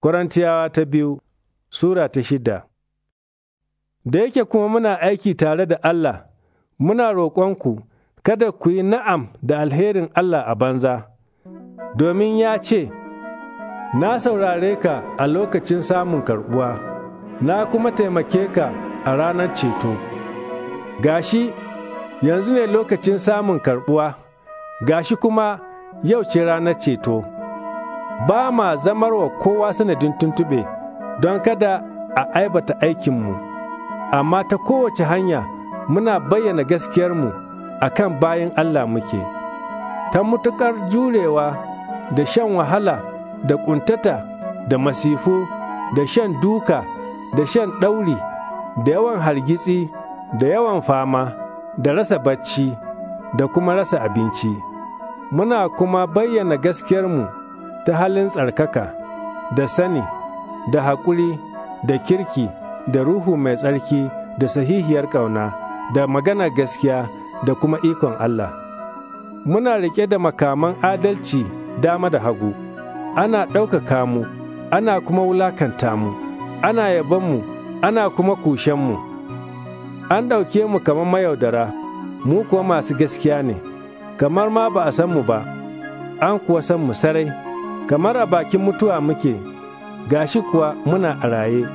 Korintiyawa ta biyu Sura ta shida Da yake kuma muna aiki tare da Allah, muna roƙonku kada ku yi na'am da alherin Allah a banza, domin ya ce, Na saurare ka a lokacin samun karɓuwa, na kuma taimake ka a ranar ceto. Gashi, yanzu ne lokacin samun karɓuwa, gashi kuma yau ce ranar ceto. ba ma zamar wa kowa sanadin tuntube don kada a aibata aikinmu, amma ta kowace hanya muna bayyana gaskiyarmu a kan bayan Allah muke, ta mutuƙar jurewa da shan wahala da ƙuntata da masifu da shan duka da shan ɗauri da yawan hargitsi da yawan fama da rasa bacci da kuma rasa abinci. Muna kuma bayyana gaskiyarmu ta halin tsarkaka, da sani, da haƙuri, da kirki, da ruhu mai tsarki, da sahihiyar ƙauna, da magana gaskiya, da kuma ikon Allah. Muna riƙe da makaman adalci dama da hagu, ana ɗaukaka mu, ana kuma wulakanta mu, ana yabon mu, ana kuma kushen mu. An ɗauke mu kamar mayaudara, mu kuwa masu gaskiya ne, kamar ma ba a san mu ba, an kuwa san mu sarai. kamar a bakin mutuwa muke, gashi kuwa muna a raye,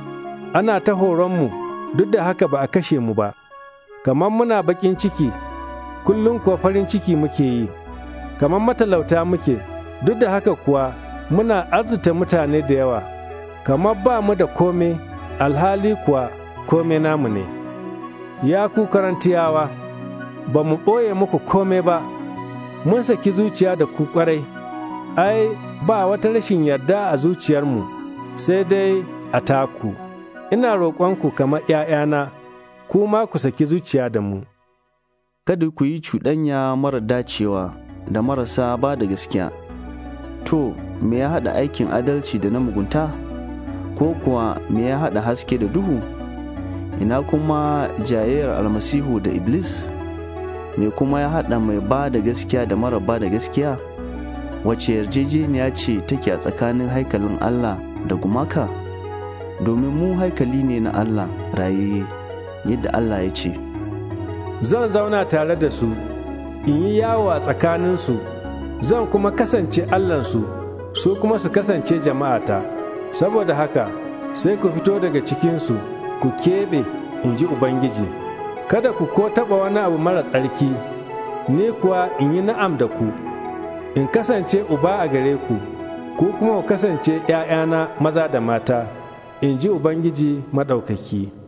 ana ta horonmu duk da haka ba a kashe mu ba, kamar muna bakin ciki, kullum kuwa farin ciki muke yi, kamar matalauta muke, duk da haka kuwa muna arzuta mutane da yawa, kamar ba mu da kome alhali kuwa kome namu ne. Ya ku karantiyawa, ba mu ɓoye muku kome ba, mun saki zuciya da ku ƙwarai. ai, ba wata rashin yarda a zuciyarmu, sai dai a taku, ina roƙonku kama ’ya'yana, ku ma ku saki zuciya da mu. Kada ku yi cuɗanya mara dacewa da marasa ba da gaskiya. To, me ya haɗa aikin adalci da na mugunta? Ko kuwa me ya haɗa haske da duhu? Ina kuma jayayyar almasihu da Iblis? Me kuma ya haɗa mai ba da gaskiya da mara ba da gaskiya? wace yarjejeniya ce take a tsakanin haikalin Allah da gumaka domin mu haikali ne na Allah Rayeye. yadda Allah ya ce zan zauna tare da su in yi yawo a tsakaninsu zan kuma kasance Allahnsu su kuma su kasance jama'ata saboda haka sai ku fito daga cikinsu ku keɓe in ji Ubangiji kada ku ko taɓa wani abu mara tsarki ni kuwa in yi na'am da ku. in kasance uba a gare ku ko kuma ku kasance ‘ya'yana maza da mata in ji ubangiji maɗaukaki.